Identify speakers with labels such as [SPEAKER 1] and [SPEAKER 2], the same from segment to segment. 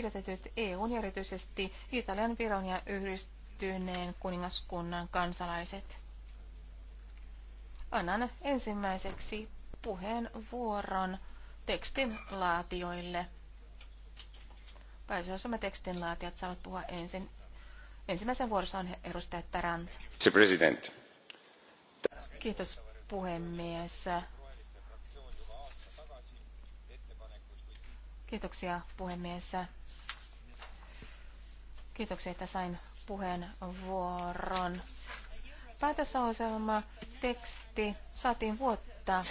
[SPEAKER 1] pidätetyt EUn ja erityisesti Italian, Viron ja yhdistyneen kuningaskunnan kansalaiset. Annan ensimmäiseksi puheenvuoron tekstin laatioille. Pääsyossamme tekstin laatijat saavat puhua ensin. Ensimmäisen vuorossa on edustaja Tarant. Kiitos puhemies. Kiitoksia puhemies. Kiitoksia, että sain puheenvuoron. Päätösohjelma teksti saatiin vuotta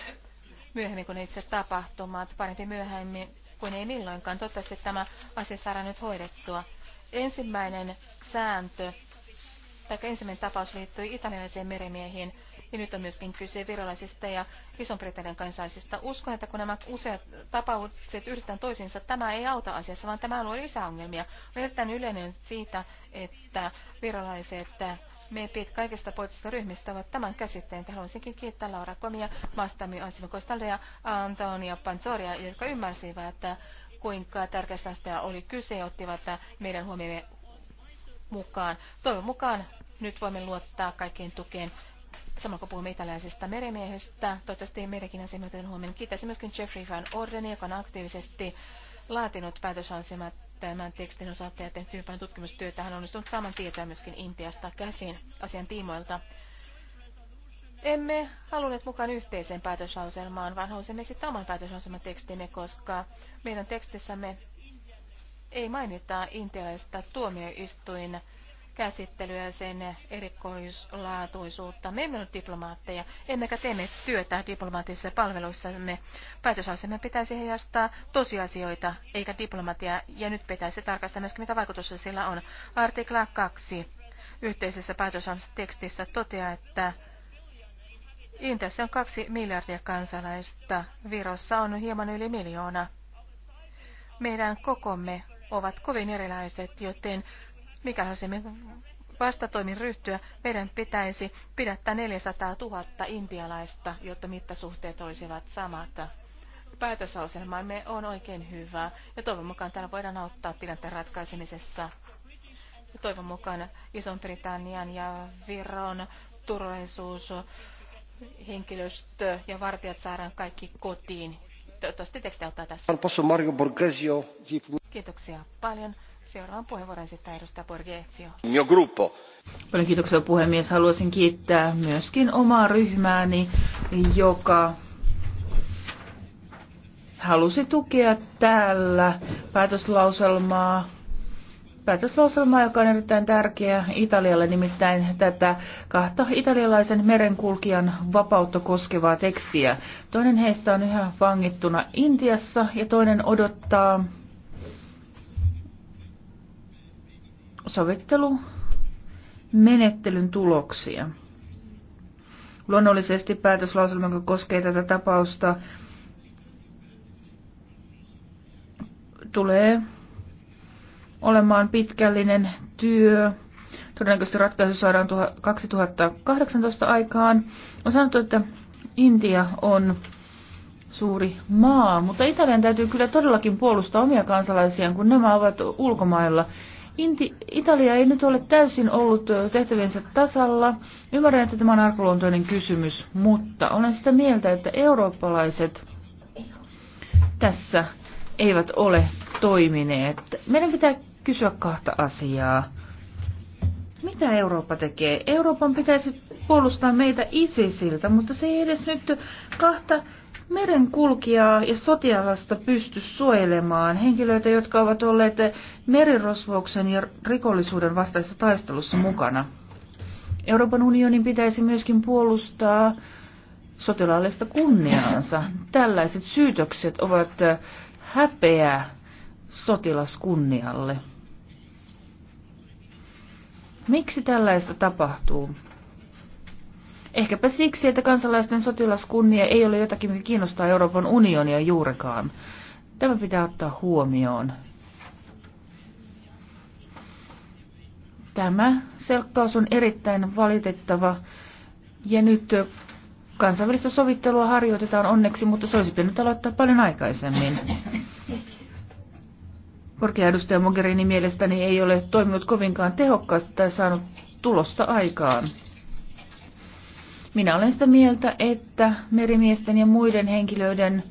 [SPEAKER 1] myöhemmin kuin itse tapahtumat, parempi myöhemmin kuin ei milloinkaan. Toivottavasti tämä asia saadaan nyt hoidettua. Ensimmäinen sääntö, tai ensimmäinen tapaus liittyi italialaisiin merimiehiin. Ja nyt on myöskin kyse virolaisista ja Ison-Britannian kansaisista. Uskon, että kun nämä useat tapaukset yhdistetään toisiinsa, tämä ei auta asiassa, vaan tämä luo lisää ongelmia. On erittäin yleinen siitä, että virolaiset MEPit kaikista poliittisista ryhmistä ovat tämän käsitteen. Haluaisinkin kiittää Laura Komia, Mastami Ansimikostalle ja Antonia Panzoria, jotka ymmärsivät, että kuinka tärkeästä sitä oli kyse ja ottivat meidän huomioon mukaan. Toivon mukaan nyt voimme luottaa kaikkien tukeen, Samalla kun puhumme italialaisesta merimiehestä, toivottavasti meidänkin asiamme huomioon. Kiitäisin myöskin Jeffrey Van Orden, joka on aktiivisesti laatinut päätösasemat tämän tekstin osalta ja tehnyt hyvin tutkimustyötä. Hän on onnistunut saman tietoa myöskin Intiasta käsin asian tiimoilta. Emme halunneet mukaan yhteiseen päätöslauselmaan, vaan halusimme sitten oman päätöslauselman tekstimme, koska meidän tekstissämme ei mainita intialaista tuomioistuin käsittelyä ja sen erikoislaatuisuutta. Me emme ole diplomaatteja, emmekä teemme työtä diplomaattisissa palveluissamme. Päätösasemme pitäisi heijastaa tosiasioita, eikä diplomatia, ja nyt pitäisi tarkastaa myös, mitä vaikutusta sillä on. Artikla 2 yhteisessä tekstissä toteaa, että Intiassa on kaksi miljardia kansalaista, Virossa on hieman yli miljoona. Meidän kokomme ovat kovin erilaiset, joten Mikäli haluaisimme vastatoimin ryhtyä, meidän pitäisi pidättää 400 000 intialaista, jotta mittasuhteet olisivat samat. Päätösasemamme on oikein hyvä ja toivon mukaan täällä voidaan auttaa tilanteen ratkaisemisessa. Ja toivon mukaan Ison-Britannian ja Viron turvallisuus, henkilöstö ja vartijat saadaan kaikki kotiin. Toivottavasti teksti auttaa tässä. Kiitoksia paljon. Seuraavan puheenvuoron esittää edustaja Borgetsio.
[SPEAKER 2] Mio gruppo. Paljon kiitoksia puhemies. Haluaisin kiittää myöskin omaa ryhmääni, joka halusi tukea täällä päätöslauselmaa päätöslauselmaa, joka on erittäin tärkeä Italialle, nimittäin tätä kahta italialaisen merenkulkijan vapautta koskevaa tekstiä. Toinen heistä on yhä vangittuna Intiassa ja toinen odottaa sovittelumenettelyn tuloksia. Luonnollisesti päätöslauselma, joka koskee tätä tapausta, tulee olemaan pitkällinen työ. Todennäköisesti ratkaisu saadaan 2018 aikaan. On sanottu, että Intia on suuri maa, mutta Italian täytyy kyllä todellakin puolustaa omia kansalaisiaan, kun nämä ovat ulkomailla. Inti, Italia ei nyt ole täysin ollut tehtäviensä tasalla. Ymmärrän, että tämä on arkaluontoinen kysymys, mutta olen sitä mieltä, että eurooppalaiset tässä eivät ole toimineet. Meidän pitää kysyä kahta asiaa. Mitä Eurooppa tekee? Euroopan pitäisi puolustaa meitä ISISiltä, mutta se ei edes nyt kahta merenkulkijaa ja sotilasta pysty suojelemaan henkilöitä, jotka ovat olleet merirosvouksen ja rikollisuuden vastaisessa taistelussa mukana. Euroopan unionin pitäisi myöskin puolustaa sotilaallista kunniaansa. Tällaiset syytökset ovat häpeä sotilaskunnialle. Miksi tällaista tapahtuu? Ehkäpä siksi, että kansalaisten sotilaskunnia ei ole jotakin, mikä kiinnostaa Euroopan unionia juurikaan. Tämä pitää ottaa huomioon. Tämä selkkaus on erittäin valitettava ja nyt kansainvälistä sovittelua harjoitetaan onneksi, mutta se olisi pitänyt aloittaa paljon aikaisemmin. Korkea-edustaja Mogherini mielestäni ei ole toiminut kovinkaan tehokkaasti tai saanut tulosta aikaan. Minä olen sitä mieltä, että merimiesten ja muiden henkilöiden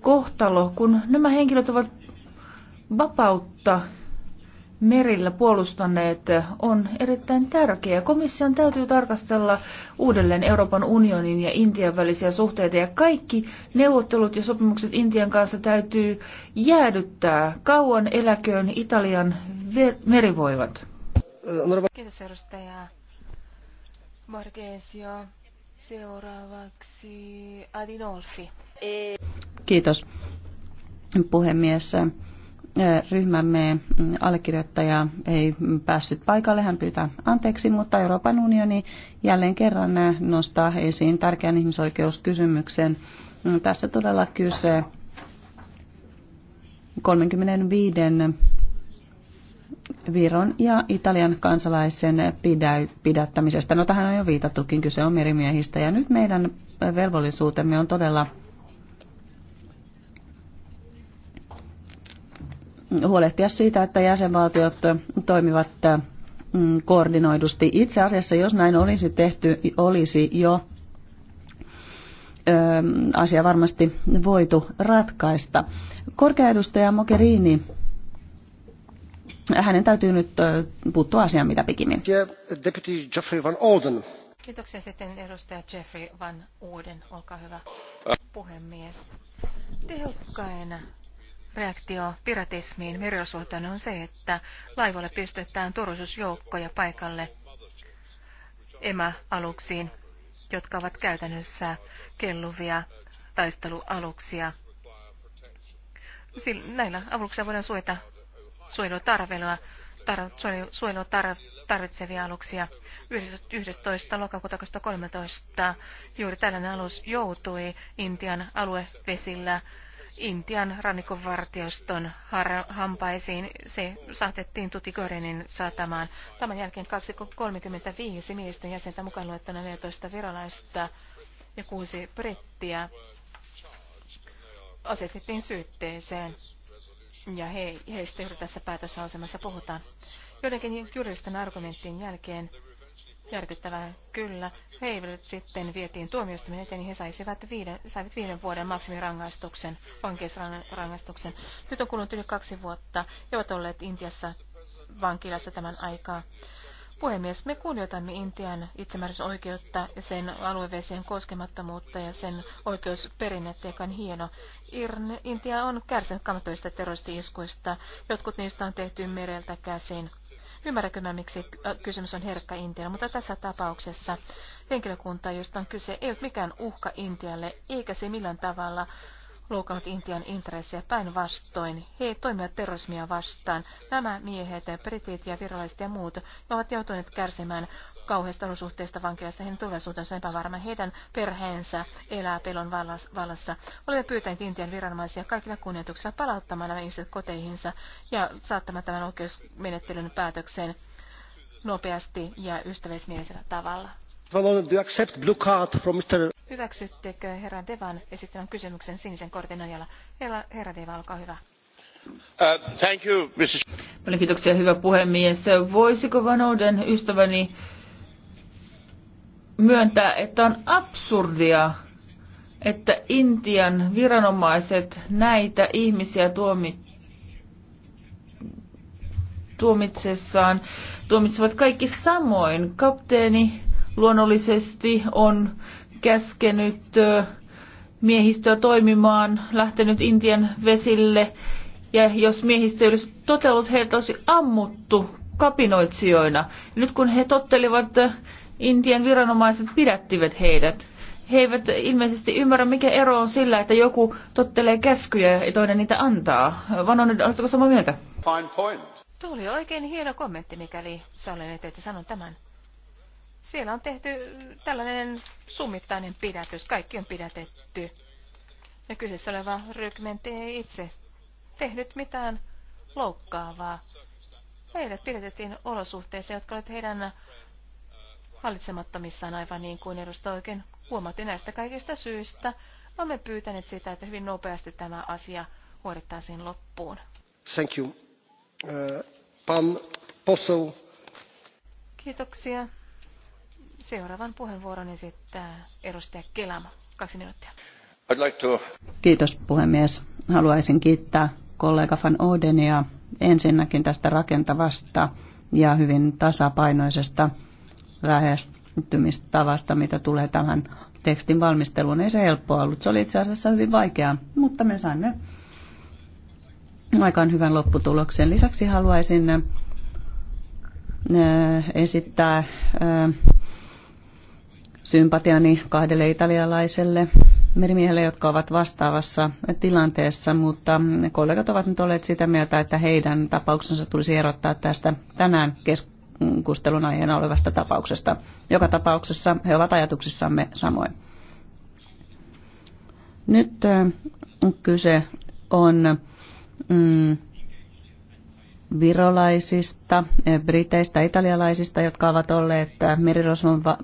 [SPEAKER 2] kohtalo, kun nämä henkilöt ovat vapautta merillä puolustaneet, on erittäin tärkeä. Komission täytyy tarkastella uudelleen Euroopan unionin ja Intian välisiä suhteita ja kaikki neuvottelut ja sopimukset Intian kanssa täytyy jäädyttää kauan eläköön Italian merivoivat. Kiitos edustaja
[SPEAKER 1] Borgesio. Seuraavaksi Adinolfi.
[SPEAKER 3] Kiitos puhemies. Ryhmämme allekirjoittaja ei päässyt paikalle, hän pyytää anteeksi, mutta Euroopan unioni jälleen kerran nostaa esiin tärkeän ihmisoikeuskysymyksen. Tässä todella kyse 35 Viron ja Italian kansalaisen pidättämisestä. No tähän on jo viitattukin, kyse on merimiehistä. Ja nyt meidän velvollisuutemme on todella huolehtia siitä, että jäsenvaltiot toimivat mm, koordinoidusti. Itse asiassa, jos näin olisi tehty, olisi jo asia varmasti voitu ratkaista. Korkeaedustaja Mogherini hänen täytyy nyt puuttua asiaan mitä pikimmin.
[SPEAKER 1] Kiitoksia sitten edustaja Jeffrey Van Uuden, olkaa hyvä puhemies. Tehokkain reaktio piratismiin meriosuhteen on se, että laivoille pistetään turvallisuusjoukkoja paikalle emäaluksiin, jotka ovat käytännössä kelluvia taistelualuksia. Näillä aluksilla voidaan suojata suojelutarvelua tar, suojelutarvitsevia aluksia. 11. lokakuuta 2013 juuri tällainen alus joutui Intian aluevesillä Intian rannikonvartioston hampaisiin. Se saatettiin Tutigorenin satamaan. Tämän jälkeen 235 miehistön jäsentä mukaan luettuna 14 virolaista ja kuusi brittiä asetettiin syytteeseen ja he, heistä juuri tässä päätösasemassa puhutaan. Joidenkin juristen argumenttien jälkeen järkyttävää kyllä. Heidät sitten vietiin tuomioistuminen eteen, niin he saisivat viiden, saivat viiden vuoden maksimirangaistuksen, vankeusrangaistuksen. Nyt on kulunut yli kaksi vuotta he ovat olleet Intiassa vankilassa tämän aikaa. Puhemies, me kunnioitamme Intian itsemääräysoikeutta ja sen aluevesien koskemattomuutta ja sen oikeusperinnettä, joka on hieno. Intia on kärsinyt kammottavista terroristi-iskuista. Jotkut niistä on tehty mereltä käsin. Ymmärränkö mä, miksi äh, kysymys on herkkä Intialle, mutta tässä tapauksessa henkilökunta, josta on kyse, ei ole mikään uhka Intialle, eikä se millään tavalla loukannut Intian intressejä päinvastoin. He toimivat terrorismia vastaan. Nämä miehet, britit ja viralliset ja muut ovat joutuneet kärsimään kauheista olosuhteista vankilasta. Heidän tulevaisuutensa on epävarma. Heidän perheensä elää pelon vallassa. Olemme pyytäneet Intian viranomaisia kaikilla kunnioituksilla palauttamaan nämä ihmiset koteihinsa ja saattamaan tämän oikeusmenettelyn päätökseen nopeasti ja ystävällismielisellä tavalla.
[SPEAKER 2] Well, do you accept blue card from Mr.
[SPEAKER 1] Hyväksyttekö herra Devan esittämän kysymyksen sinisen kortin ajalla? Herra, herra Deva, olkaa hyvä.
[SPEAKER 2] Uh,
[SPEAKER 3] thank you, Mrs.
[SPEAKER 2] Paljon kiitoksia, hyvä puhemies. Voisiko Vanouden ystäväni myöntää, että on absurdia, että Intian viranomaiset näitä ihmisiä tuomitsevat tuomitsessaan tuomitsevat kaikki samoin. Kapteeni luonnollisesti on käskenyt miehistöä toimimaan, lähtenyt Intian vesille. Ja jos miehistö olisi totellut, heitä olisi ammuttu kapinoitsijoina. Nyt kun he tottelivat, Intian viranomaiset pidättivät heidät. He eivät ilmeisesti ymmärrä, mikä ero on sillä, että joku tottelee käskyjä ja toinen niitä antaa. Vanon, oletteko samaa mieltä?
[SPEAKER 3] Fine point.
[SPEAKER 1] Tuo oli oikein hieno kommentti, mikäli sallin, että sanon tämän. Siellä on tehty tällainen summittainen pidätys. Kaikki on pidätetty. Ja kyseessä oleva rykmentti ei itse tehnyt mitään loukkaavaa. Heidät pidätettiin olosuhteissa, jotka olivat heidän hallitsemattomissaan aivan niin kuin edustaja oikein huomatti näistä kaikista syistä. Olemme pyytäneet sitä, että hyvin nopeasti tämä asia hoidettaisiin loppuun.
[SPEAKER 3] Thank you.
[SPEAKER 2] Uh, pan poseł.
[SPEAKER 1] Kiitoksia. Seuraavan puheenvuoron esittää edustaja Kelama. Kaksi minuuttia.
[SPEAKER 3] Kiitos puhemies. Haluaisin kiittää kollega Van Odenia ensinnäkin tästä rakentavasta ja hyvin tasapainoisesta lähestymistavasta, mitä tulee tämän tekstin valmisteluun. Ei se helppoa ollut, se oli itse asiassa hyvin vaikeaa, mutta me saimme aikaan hyvän lopputuloksen. Lisäksi haluaisin äh, esittää äh, sympatiani kahdelle italialaiselle merimiehelle, jotka ovat vastaavassa tilanteessa, mutta kollegat ovat nyt olleet sitä mieltä, että heidän tapauksensa tulisi erottaa tästä tänään keskustelun aiheena olevasta tapauksesta. Joka tapauksessa he ovat ajatuksissamme samoin. Nyt äh, kyse on mm, virolaisista, eh, briteistä, italialaisista, jotka ovat olleet eh,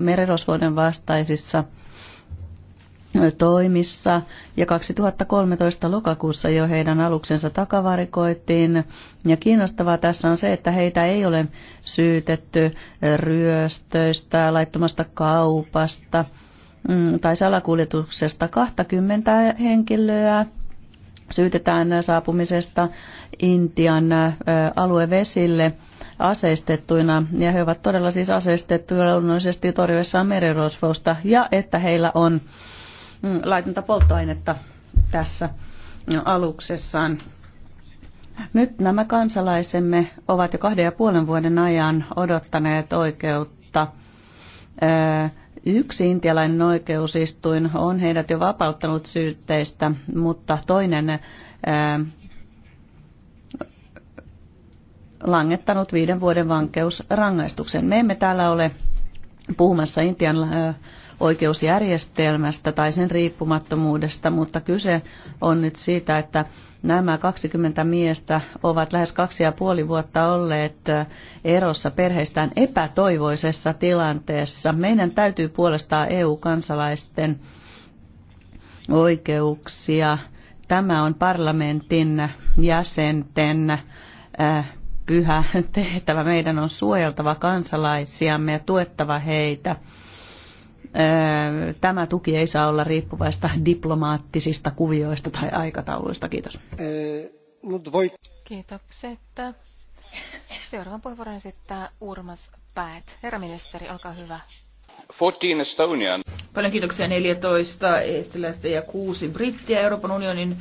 [SPEAKER 3] merirosvoiden vastaisissa eh, toimissa. Ja 2013 lokakuussa jo heidän aluksensa takavarikoitiin. Ja kiinnostavaa tässä on se, että heitä ei ole syytetty ryöstöistä, laittomasta kaupasta mm, tai salakuljetuksesta 20 henkilöä syytetään saapumisesta Intian aluevesille aseistettuina, ja he ovat todella siis aseistettuja luonnollisesti torjuessaan merirosvousta, ja että heillä on mm, laitonta polttoainetta tässä mm, aluksessaan. Nyt nämä kansalaisemme ovat jo kahden ja puolen vuoden ajan odottaneet oikeutta Yksi intialainen oikeusistuin on heidät jo vapauttanut syytteistä, mutta toinen ää, langettanut viiden vuoden vankeusrangaistuksen. Me emme täällä ole puhumassa Intian ää, oikeusjärjestelmästä tai sen riippumattomuudesta, mutta kyse on nyt siitä, että nämä 20 miestä ovat lähes kaksi ja puoli vuotta olleet erossa perheistään epätoivoisessa tilanteessa. Meidän täytyy puolestaan EU-kansalaisten oikeuksia. Tämä on parlamentin jäsenten äh, pyhä tehtävä. Meidän on suojeltava kansalaisiamme ja tuettava heitä tämä tuki ei saa olla riippuvaista diplomaattisista kuvioista tai aikatauluista. Kiitos.
[SPEAKER 1] Kiitokset. Seuraavan puheenvuoron esittää Urmas Päät. Herra ministeri, olkaa hyvä.
[SPEAKER 2] 14 Estonian. Paljon kiitoksia 14 estiläistä ja kuusi brittiä Euroopan unionin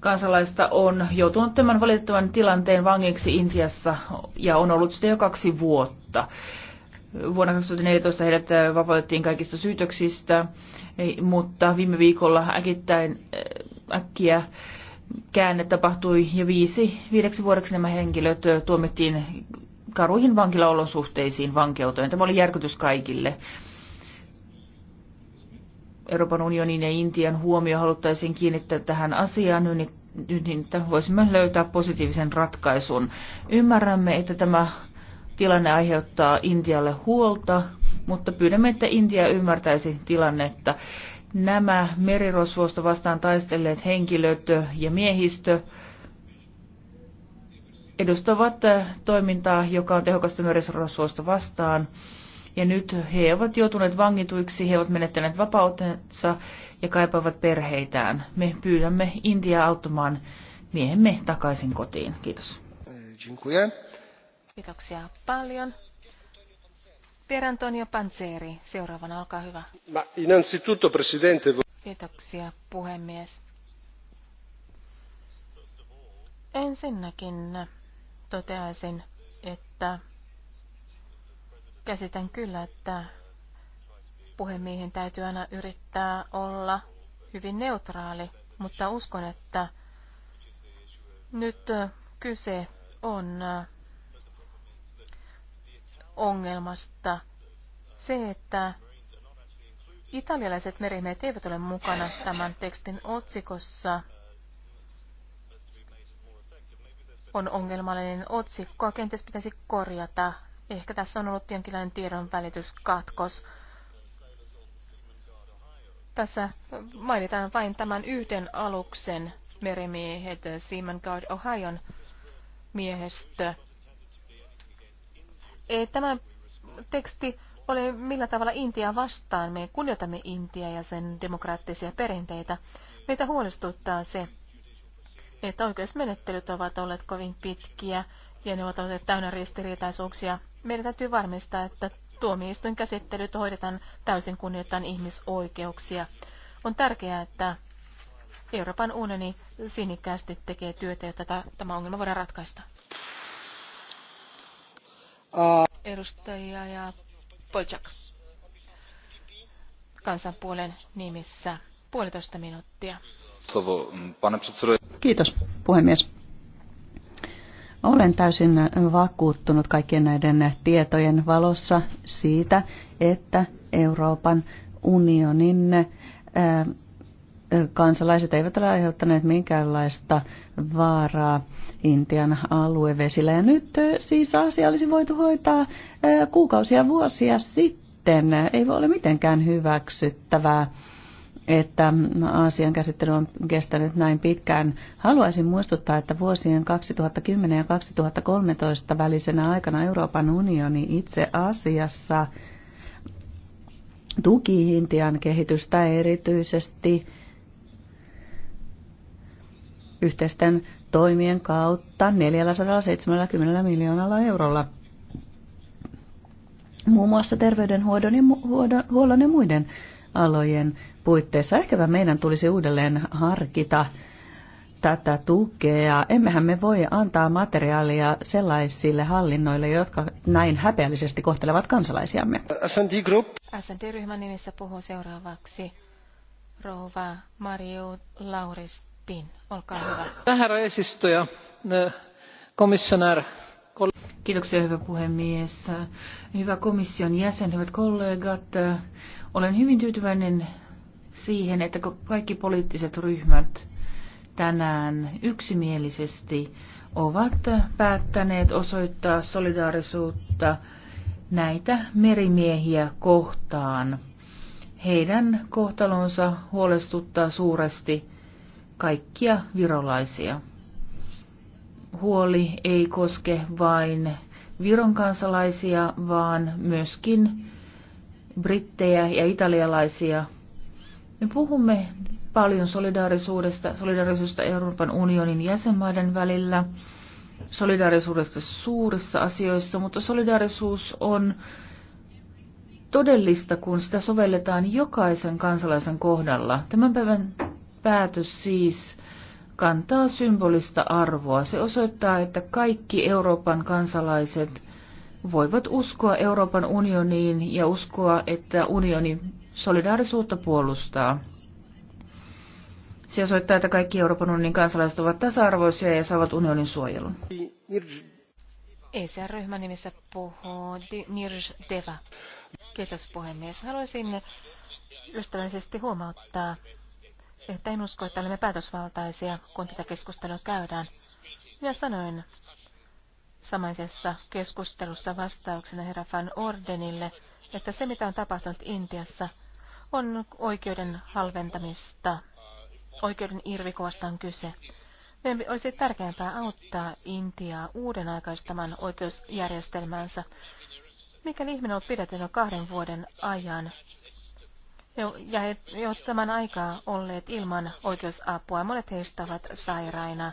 [SPEAKER 2] kansalaista on joutunut tämän valitettavan tilanteen vangiksi Intiassa ja on ollut sitä jo kaksi vuotta. Vuonna 2014 heidät äh, vapautettiin kaikista syytöksistä, mutta viime viikolla äkittäin, äh, äkkiä käänne tapahtui ja viisi, viideksi vuodeksi nämä henkilöt äh, tuomittiin karuihin vankilaolosuhteisiin vankeuteen. Tämä oli järkytys kaikille. Euroopan unionin ja Intian huomio haluttaisiin kiinnittää tähän asiaan, niin, niin, niin että voisimme löytää positiivisen ratkaisun. Ymmärrämme, että tämä Tilanne aiheuttaa Intialle huolta, mutta pyydämme, että Intia ymmärtäisi tilannetta. Nämä merirosvoista vastaan taistelleet henkilöt ja miehistö edustavat toimintaa, joka on tehokasta merirosvoista vastaan. Ja nyt he ovat joutuneet vangituiksi, he ovat menettäneet vapautensa ja kaipaavat perheitään. Me pyydämme Intiaa auttamaan miehemme takaisin kotiin. Kiitos. Dziękuję.
[SPEAKER 1] Kiitoksia paljon. Pier Antonio Panzeri, seuraavana, olkaa hyvä. Ma innanzitutto, presidente... Kiitoksia, puhemies. Ensinnäkin toteaisin, että käsitän kyllä, että puhemiehen täytyy aina yrittää olla hyvin neutraali, mutta uskon, että nyt kyse on ongelmasta se, että italialaiset merimiehet eivät ole mukana tämän tekstin otsikossa. On ongelmallinen otsikko, kenties pitäisi korjata. Ehkä tässä on ollut jonkinlainen välityskatkos. Tässä mainitaan vain tämän yhden aluksen merimiehet, Seaman Guard Ohion miehestö tämä teksti ole millä tavalla Intia vastaan. Me kunnioitamme Intiaa ja sen demokraattisia perinteitä. Meitä huolestuttaa se, että oikeusmenettelyt ovat olleet kovin pitkiä ja ne ovat olleet täynnä ristiriitaisuuksia. Meidän täytyy varmistaa, että tuomioistuin käsittelyt hoidetaan täysin kunnioittain ihmisoikeuksia. On tärkeää, että Euroopan unioni sinikkäästi tekee työtä, jotta tämä ongelma voidaan ratkaista. Edustaja ja Polchak. Kansanpuolen nimissä puolitoista minuuttia.
[SPEAKER 2] Mm,
[SPEAKER 3] Kiitos puhemies. Olen täysin vakuuttunut kaikkien näiden tietojen valossa siitä, että Euroopan unionin eh, kansalaiset eivät ole aiheuttaneet minkäänlaista vaaraa Intian aluevesillä. Ja nyt siis asia olisi voitu hoitaa kuukausia vuosia sitten. Ei voi ole mitenkään hyväksyttävää että asian käsittely on kestänyt näin pitkään. Haluaisin muistuttaa, että vuosien 2010 ja 2013 välisenä aikana Euroopan unioni itse asiassa tuki Intian kehitystä erityisesti yhteisten toimien kautta 470 miljoonalla eurolla. Muun muassa terveydenhuollon ja, huollon ja muiden alojen puitteissa. Ehkäpä meidän tulisi uudelleen harkita tätä tukea. Emmehän me voi antaa materiaalia sellaisille hallinnoille, jotka näin häpeällisesti kohtelevat kansalaisiamme.
[SPEAKER 2] S&D Group.
[SPEAKER 1] ryhmän nimissä puhuu seuraavaksi rouva Mario Laurist minuuttiin.
[SPEAKER 2] komissionär. Kiitoksia, hyvä puhemies. Hyvä komission jäsen, hyvät kollegat. Olen hyvin tyytyväinen siihen, että kaikki poliittiset ryhmät tänään yksimielisesti ovat päättäneet osoittaa solidaarisuutta näitä merimiehiä kohtaan. Heidän kohtalonsa huolestuttaa suuresti kaikkia virolaisia. Huoli ei koske vain Viron kansalaisia, vaan myöskin brittejä ja italialaisia. Me puhumme paljon solidaarisuudesta, solidaarisuudesta Euroopan unionin jäsenmaiden välillä, solidaarisuudesta suurissa asioissa, mutta solidaarisuus on todellista, kun sitä sovelletaan jokaisen kansalaisen kohdalla. Tämän päivän päätös siis kantaa symbolista arvoa. Se osoittaa, että kaikki Euroopan kansalaiset voivat uskoa Euroopan unioniin ja uskoa, että unioni solidaarisuutta puolustaa. Se osoittaa, että kaikki Euroopan unionin kansalaiset ovat tasa-arvoisia ja saavat unionin suojelun.
[SPEAKER 1] ECR-ryhmän nimessä puhuu Nirj Deva. Kiitos puhemies. Haluaisin ystävällisesti huomauttaa että en usko, että olemme päätösvaltaisia, kun tätä keskustelua käydään. Ja sanoin samaisessa keskustelussa vastauksena herra Van Ordenille, että se mitä on tapahtunut Intiassa on oikeuden halventamista, oikeuden irvikuosta on kyse. Meidän olisi tärkeämpää auttaa Intiaa uuden aikaistamaan oikeusjärjestelmäänsä, Mikäli ihminen on pidätetty kahden vuoden ajan, ja he ovat tämän aikaa olleet ilman oikeusapua. Monet heistä ovat sairaina.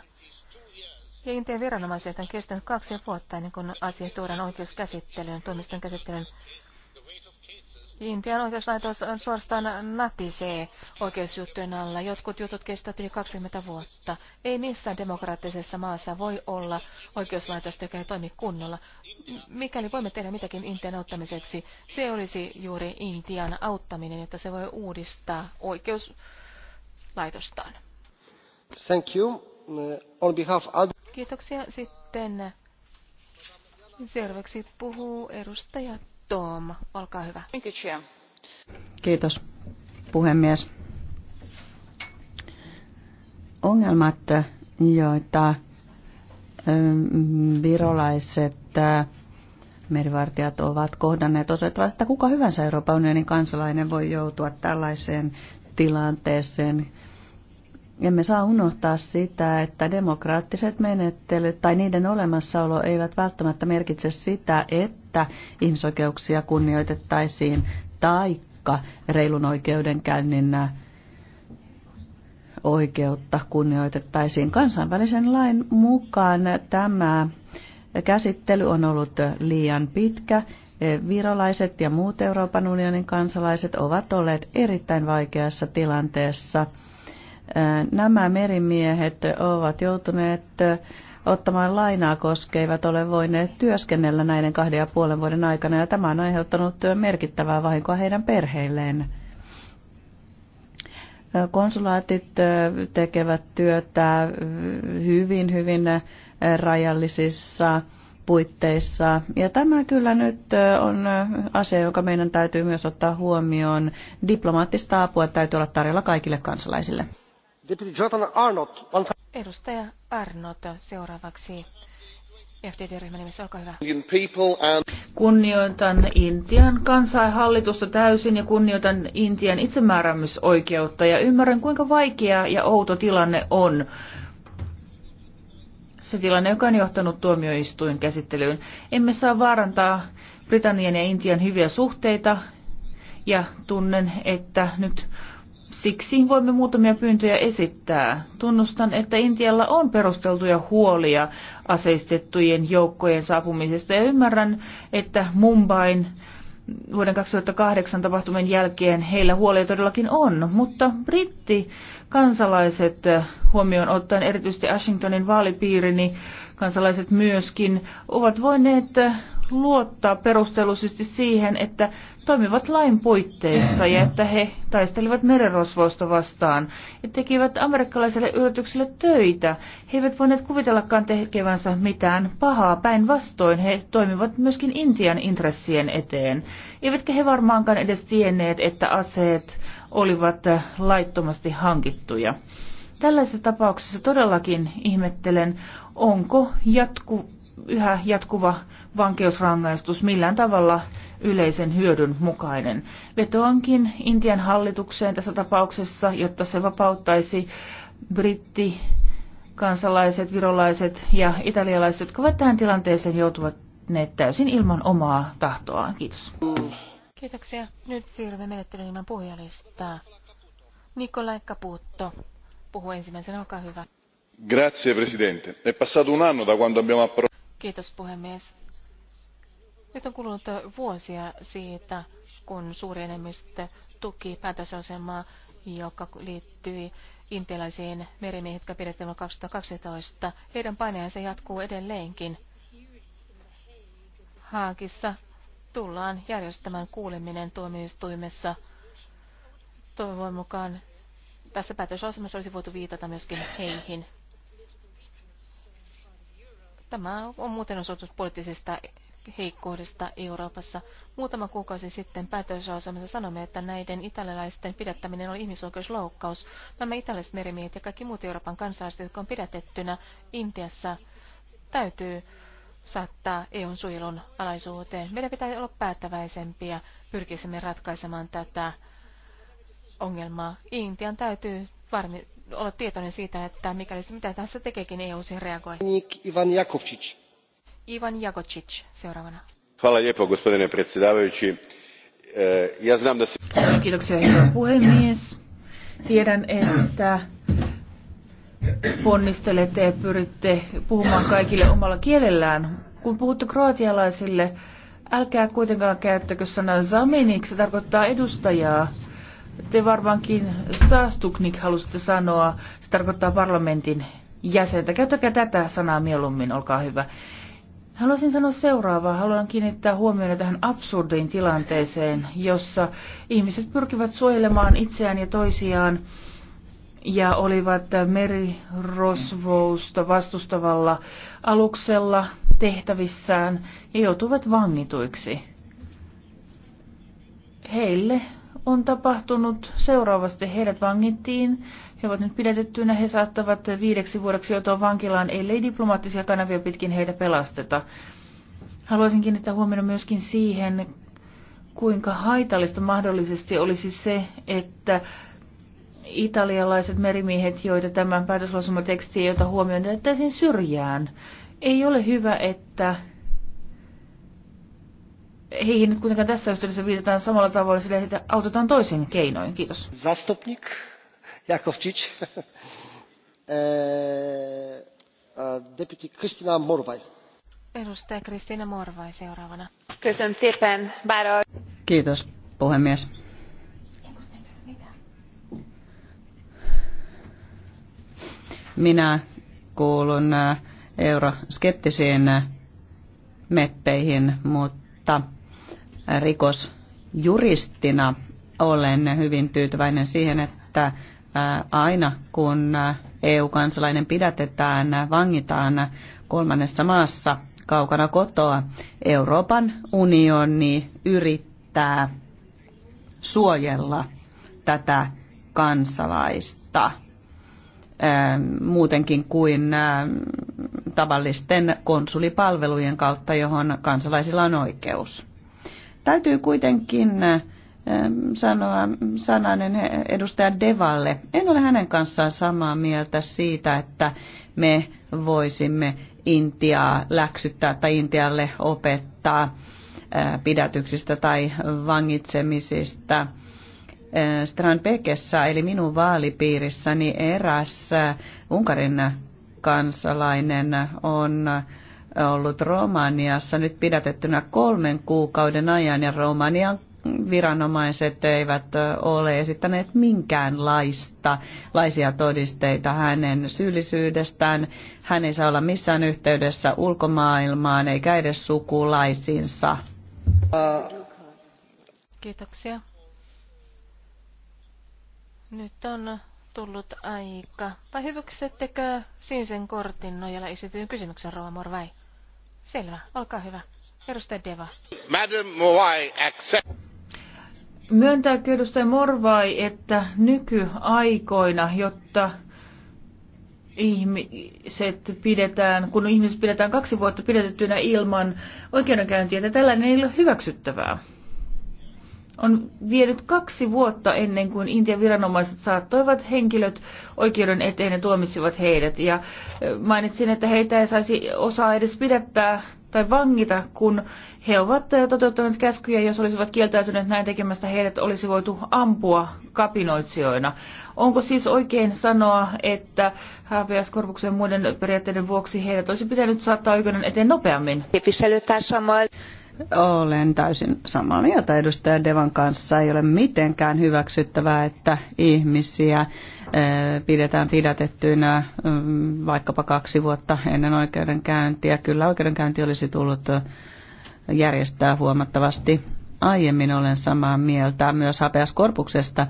[SPEAKER 1] Ja Intian viranomaiset on kestänyt kaksi vuotta ennen kuin asia tuodaan oikeuskäsittelyyn, tuomiston käsittelyyn. Intian oikeuslaitos on suorastaan natisee oikeusjuttujen alla. Jotkut jutut kestävät yli 20 vuotta. Ei missään demokraattisessa maassa voi olla oikeuslaitosta, joka ei toimi kunnolla. Mikäli voimme tehdä mitäkin Intian auttamiseksi, se olisi juuri Intian auttaminen, että se voi uudistaa oikeuslaitostaan.
[SPEAKER 2] Thank you. Uh, on behalf of...
[SPEAKER 1] Kiitoksia. Sitten seuraavaksi puhuu edustajat.
[SPEAKER 3] Kiitos, puhemies. Ongelmat, joita ähm, virolaiset äh, merivartijat ovat kohdanneet osoittavat, että kuka hyvänsä Euroopan unionin kansalainen voi joutua tällaiseen tilanteeseen, emme saa unohtaa sitä, että demokraattiset menettelyt tai niiden olemassaolo eivät välttämättä merkitse sitä, että ihmisoikeuksia kunnioitettaisiin taikka reilun oikeudenkäynnin äh, oikeutta kunnioitettaisiin. Kansainvälisen lain mukaan tämä käsittely on ollut liian pitkä. Äh, virolaiset ja muut Euroopan unionin kansalaiset ovat olleet erittäin vaikeassa tilanteessa – Nämä merimiehet ovat joutuneet ottamaan lainaa, koska eivät ole voineet työskennellä näiden kahden ja puolen vuoden aikana, ja tämä on aiheuttanut merkittävää vahinkoa heidän perheilleen. Konsulaatit tekevät työtä hyvin, hyvin rajallisissa puitteissa. Ja tämä kyllä nyt on asia, joka meidän täytyy myös ottaa huomioon. Diplomaattista apua täytyy olla tarjolla kaikille kansalaisille
[SPEAKER 1] seuraavaksi.
[SPEAKER 2] Kunnioitan Intian kansaa ja hallitusta täysin ja kunnioitan Intian itsemääräämisoikeutta ja ymmärrän kuinka vaikea ja outo tilanne on. Se tilanne, joka on johtanut tuomioistuin käsittelyyn. Emme saa vaarantaa Britannian ja Intian hyviä suhteita ja tunnen, että nyt Siksi voimme muutamia pyyntöjä esittää. Tunnustan, että Intialla on perusteltuja huolia aseistettujen joukkojen saapumisesta ja ymmärrän, että Mumbain vuoden 2008 tapahtumien jälkeen heillä huolia todellakin on, mutta britti kansalaiset huomioon ottaen erityisesti Washingtonin vaalipiirini niin kansalaiset myöskin ovat voineet luottaa perustellusti siihen, että toimivat lain puitteissa ja että he taistelivat merenrosvoista vastaan ja tekivät amerikkalaiselle yritykselle töitä. He eivät voineet kuvitellakaan tekevänsä mitään pahaa. Päinvastoin he toimivat myöskin Intian intressien eteen. Eivätkä he varmaankaan edes tienneet, että aseet olivat laittomasti hankittuja tällaisessa tapauksessa todellakin ihmettelen, onko jatku, yhä jatkuva vankeusrangaistus millään tavalla yleisen hyödyn mukainen. Vetoankin Intian hallitukseen tässä tapauksessa, jotta se vapauttaisi britti kansalaiset, virolaiset ja italialaiset, jotka ovat tähän tilanteeseen joutuvat ne täysin ilman omaa tahtoaan. Kiitos.
[SPEAKER 1] Kiitoksia. Nyt siirrymme menettelyn ilman puhujalistaa. Nikolai Caputo puhuu ensimmäisenä, olkaa hyvä.
[SPEAKER 3] Grazie Presidente. È passato un anno da quando abbiamo approvato...
[SPEAKER 1] Kiitos puhemies. Nyt on kulunut vuosia siitä, kun suuri enemmistö tuki päätösasemaa, joka liittyi intialaisiin merimiehiin, jotka pidettiin vuonna 2012. Heidän paineensa jatkuu edelleenkin. Haakissa tullaan järjestämään kuuleminen tuomioistuimessa. Toivon mukaan tässä päätösasemassa olisi voitu viitata myöskin heihin. Tämä on muuten osoitus poliittisesta heikkoudesta Euroopassa. Muutama kuukausi sitten päätösasemassa sanomme, että näiden italialaisten pidättäminen oli ihmisoikeusloukkaus. Nämä italialaiset merimiehet ja kaikki muut Euroopan kansalaiset, jotka on pidätettynä Intiassa, täytyy saattaa EUn suojelun alaisuuteen. Meidän pitää olla päättäväisempiä pyrkisimme ratkaisemaan tätä ongelmaa. Intian täytyy varmi, olla tietoinen siitä, että mikäli se mitä tässä tekeekin, niin EU siihen reagoi.
[SPEAKER 2] Ivan Jakovčić. Ivan Jakovčić seuraavana. Hvala lijepo, gospodine predsjedavajući. E, ja znam da se... Kiitoksia, hyvä puhemies. Tiedän, että ponnistelette ja pyritte puhumaan kaikille omalla kielellään. Kun puhutte kroatialaisille, älkää kuitenkaan käyttäkö sanaa zaminiksi, se tarkoittaa edustajaa. Te varmaankin Saastuknik halusitte sanoa, se tarkoittaa parlamentin jäsentä. Käyttäkää tätä sanaa mieluummin, olkaa hyvä. Haluaisin sanoa seuraavaa. Haluan kiinnittää huomiota tähän absurdiin tilanteeseen, jossa ihmiset pyrkivät suojelemaan itseään ja toisiaan ja olivat merirosvousta vastustavalla aluksella tehtävissään ja joutuvat vangituiksi. Heille on tapahtunut seuraavasti. Heidät vangittiin, he ovat nyt pidätettyinä, he saattavat viideksi vuodeksi joutua vankilaan, ellei diplomaattisia kanavia pitkin heitä pelasteta. Haluaisin kiinnittää huomioon myöskin siihen, kuinka haitallista mahdollisesti olisi se, että italialaiset merimiehet, joita tämän päätöslausumateksti ei huomioon, jättäisiin syrjään. Ei ole hyvä, että heihin nyt kuitenkaan tässä yhteydessä viitataan samalla tavalla, sillä heitä autetaan toisin keinoin. Kiitos. Zastupnik Jakovčić, e, deputy Kristina Morvai.
[SPEAKER 1] Edustaja Kristina Morvai seuraavana.
[SPEAKER 3] Kiitos puhemies. Minä kuulun euroskeptisiin meppeihin, mutta rikosjuristina olen hyvin tyytyväinen siihen, että aina kun EU-kansalainen pidätetään, vangitaan kolmannessa maassa kaukana kotoa, Euroopan unioni yrittää suojella tätä kansalaista muutenkin kuin tavallisten konsulipalvelujen kautta, johon kansalaisilla on oikeus. Täytyy kuitenkin ähm, sanoa sananen edustaja Devalle. En ole hänen kanssaan samaa mieltä siitä, että me voisimme Intiaa läksyttää tai Intialle opettaa äh, pidätyksistä tai vangitsemisista. Äh, Strandbekessä, eli minun vaalipiirissäni, eräs äh, Unkarin kansalainen on ollut Romaniassa nyt pidätettynä kolmen kuukauden ajan ja Romanian viranomaiset eivät ole esittäneet minkäänlaista laisia todisteita hänen syyllisyydestään. Hän ei saa olla missään yhteydessä ulkomaailmaan eikä edes sukulaisiinsa.
[SPEAKER 1] Kiitoksia. Nyt on tullut aika. Vai hyväksyttekö sinisen kortin nojalla esitetyn kysymyksen, Rova Morvai? Selvä,
[SPEAKER 2] olkaa hyvä. Edustaja Deva. Madam accept. Myöntääkö edustaja Morvai, että nykyaikoina, jotta ihmiset pidetään, kun ihmiset pidetään kaksi vuotta pidetettyinä ilman oikeudenkäyntiä, että tällainen ei ole hyväksyttävää? on vienyt kaksi vuotta ennen kuin Intian viranomaiset saattoivat henkilöt oikeuden eteen ja tuomitsivat heidät. Ja mainitsin, että heitä ei saisi osaa edes pidättää tai vangita, kun he ovat toteuttaneet käskyjä, jos olisivat kieltäytyneet näin tekemästä, heidät olisi voitu ampua kapinoitsijoina. Onko siis oikein sanoa, että HPS-korvauksen muiden periaatteiden vuoksi heidät olisi pitänyt saattaa oikeuden eteen nopeammin?
[SPEAKER 3] Olen täysin samaa mieltä edustaja Devan kanssa. Ei ole mitenkään hyväksyttävää, että ihmisiä eh, pidetään pidätettyinä mm, vaikkapa kaksi vuotta ennen oikeudenkäyntiä. Kyllä oikeudenkäynti olisi tullut eh, järjestää huomattavasti aiemmin olen samaa mieltä myös hapeaskorpuksesta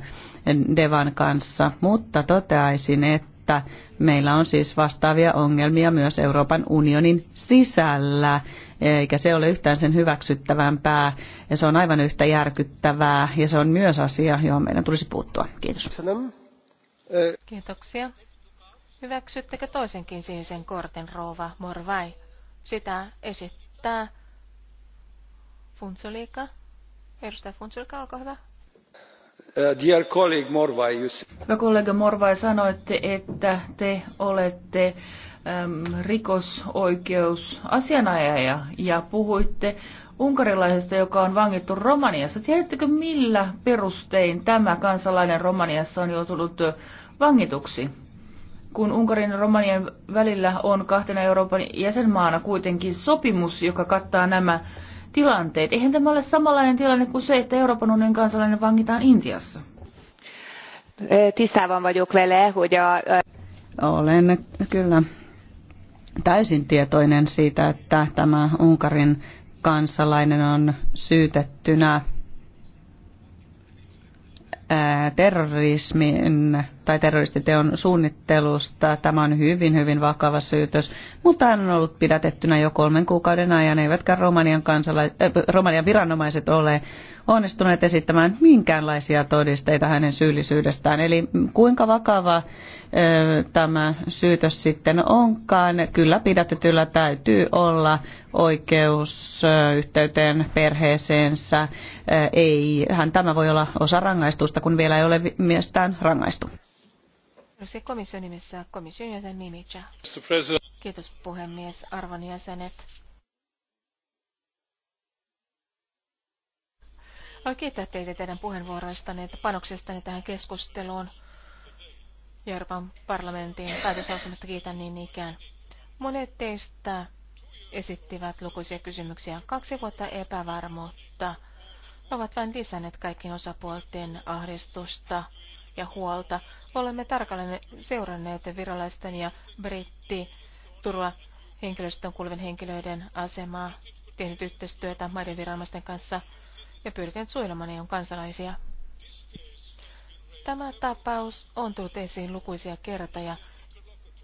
[SPEAKER 3] Devan kanssa, mutta toteaisin, että että meillä on siis vastaavia ongelmia myös Euroopan unionin sisällä, eikä se ole yhtään sen hyväksyttävämpää, ja se on aivan yhtä järkyttävää, ja se on myös asia, johon meidän tulisi puuttua. Kiitos.
[SPEAKER 1] Kiitoksia. Hyväksyttekö toisenkin sinisen kortin, Rova Morvai? Sitä esittää Funzolika. Edustaja Funzolika, olkaa hyvä.
[SPEAKER 2] Uh, Hyvä kollega Morvai, sanoitte, että te olette äm, rikosoikeusasianajaja ja puhuitte unkarilaisesta, joka on vangittu Romaniassa. Tiedättekö, millä perustein tämä kansalainen Romaniassa on joutunut vangituksi? Kun Unkarin ja Romanian välillä on kahtena Euroopan jäsenmaana kuitenkin sopimus, joka kattaa nämä tilanteet. Eihän tämä ole samanlainen tilanne kuin se, että Euroopan unionin kansalainen vangitaan Intiassa. Tisävan vagyok vele, hogy a...
[SPEAKER 3] Olen kyllä täysin tietoinen siitä, että tämä Unkarin kansalainen on syytettynä terrorismin tai terroristiteon suunnittelusta. Tämä on hyvin, hyvin vakava syytös, mutta hän on ollut pidätettynä jo kolmen kuukauden ajan, eivätkä Romanian, kansala- äh, Romanian viranomaiset ole onnistuneet esittämään minkäänlaisia todisteita hänen syyllisyydestään. Eli kuinka vakava äh, tämä syytös sitten onkaan, kyllä pidätetyllä täytyy olla oikeus äh, yhteyteen perheeseensä. Äh, ei, hän tämä voi olla osa rangaistusta, kun vielä ei ole miestään rangaistu.
[SPEAKER 1] Se komission nimissä komission jäsen Mimicha. Kiitos puhemies, arvon jäsenet. Haluan kiittää teitä teidän puheenvuoroistanne ja panoksestanne tähän keskusteluun. Euroopan parlamentin päätöslausumasta kiitän niin ikään. Monet teistä esittivät lukuisia kysymyksiä. Kaksi vuotta epävarmuutta ovat vain lisänneet kaikkien osapuolten ahdistusta ja huolta. Olemme tarkalleen seuranneet virolaisten ja britti turva henkilöstön kuuluvien henkilöiden asemaa, tehnyt yhteistyötä maiden viranomaisten kanssa ja pyrkinyt suojelemaan EUn kansalaisia. Tämä tapaus on tullut esiin lukuisia kertoja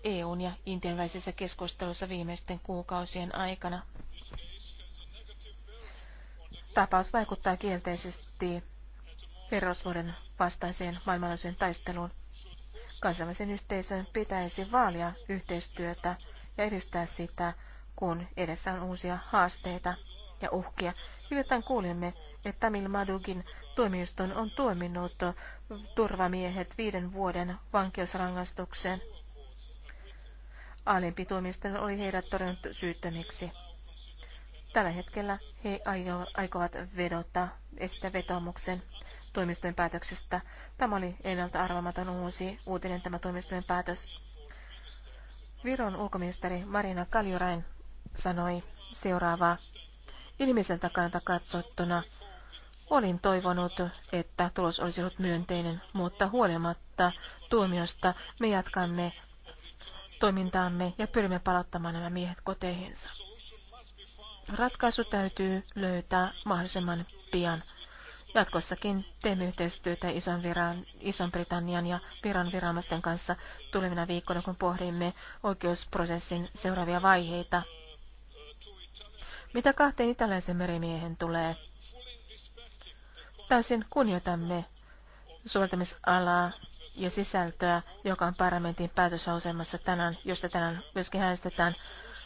[SPEAKER 1] EUn ja Intian välisissä keskustelussa viimeisten kuukausien aikana. Tapaus vaikuttaa kielteisesti perrosvuoden vastaiseen maailmanlaajuiseen taisteluun. Kansainvälisen yhteisön pitäisi vaalia yhteistyötä ja edistää sitä, kun edessä on uusia haasteita ja uhkia. Hiljattain kuulimme, että Tamil Madugin tuomioistuin on tuominnut turvamiehet viiden vuoden vankeusrangaistukseen. Alempi tuomioistuin oli heidät todennut syyttömiksi. Tällä hetkellä he aikovat vedota, esittää vetomuksen toimistojen päätöksestä. Tämä oli ennalta arvaamaton uusi uutinen tämä toimistojen päätös. Viron ulkoministeri Marina Kaljurain sanoi seuraavaa. Ihmiseltä kannalta katsottuna olin toivonut, että tulos olisi ollut myönteinen, mutta huolimatta tuomiosta me jatkamme toimintaamme ja pyrimme palauttamaan nämä miehet koteihinsa. Ratkaisu täytyy löytää mahdollisimman pian. Jatkossakin teemme yhteistyötä ison, viran, ison Britannian ja viran viranomaisten kanssa tulevina viikkoina, kun pohdimme oikeusprosessin seuraavia vaiheita. Mitä kahteen italaisen merimiehen tulee? Täysin kunnioitamme suoltamisalaa ja sisältöä, joka on parlamentin päätösasemassa tänään, josta tänään myöskin äänestetään.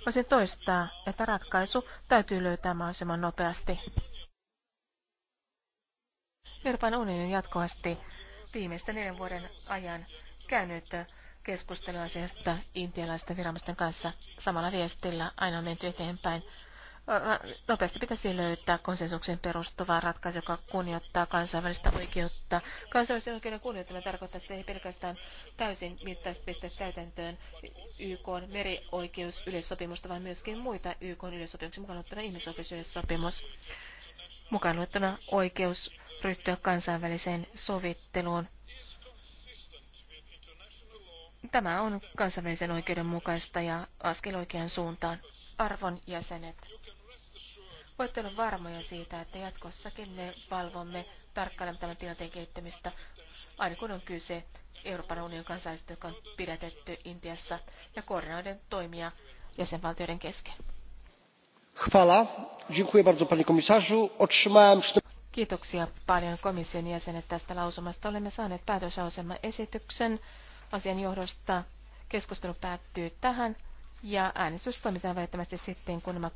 [SPEAKER 1] Voisin toistaa, että ratkaisu täytyy löytää mahdollisimman nopeasti. Euroopan unioni on jatkuvasti viimeisten neljän vuoden ajan käynyt keskustelua asiasta intialaisten viranomaisten kanssa samalla viestillä aina on menty eteenpäin. Nopeasti pitäisi löytää konsensuksen perustuva ratkaisu, joka kunnioittaa kansainvälistä oikeutta. Kansainvälisen oikeuden kunnioittaminen tarkoittaa että ei pelkästään täysin mittaista pistää täytäntöön YK merioikeusyleissopimusta, vaan myöskin muita YK yleissopimuksia, mukaan luettuna ihmisoikeusyleissopimus, mukaan luettuna oikeus ryhtyä kansainväliseen sovitteluun. Tämä on kansainvälisen oikeuden mukaista ja askel oikeaan suuntaan. Arvon jäsenet, voitte olla varmoja siitä, että jatkossakin me valvomme tarkkailemaan tämän tilanteen kehittämistä, aina kun on kyse Euroopan unionin kansalaisista, jotka on pidätetty Intiassa, ja koordinoiden toimia jäsenvaltioiden kesken.
[SPEAKER 2] Chwala. Dziękuję bardzo panie komisarzu. Otrzymałem
[SPEAKER 1] Kiitoksia paljon komission jäsenet tästä lausumasta. Olemme saaneet päätöslauselman esityksen asian johdosta. Keskustelu päättyy tähän ja äänestys toimitaan välittömästi sitten, kun nämä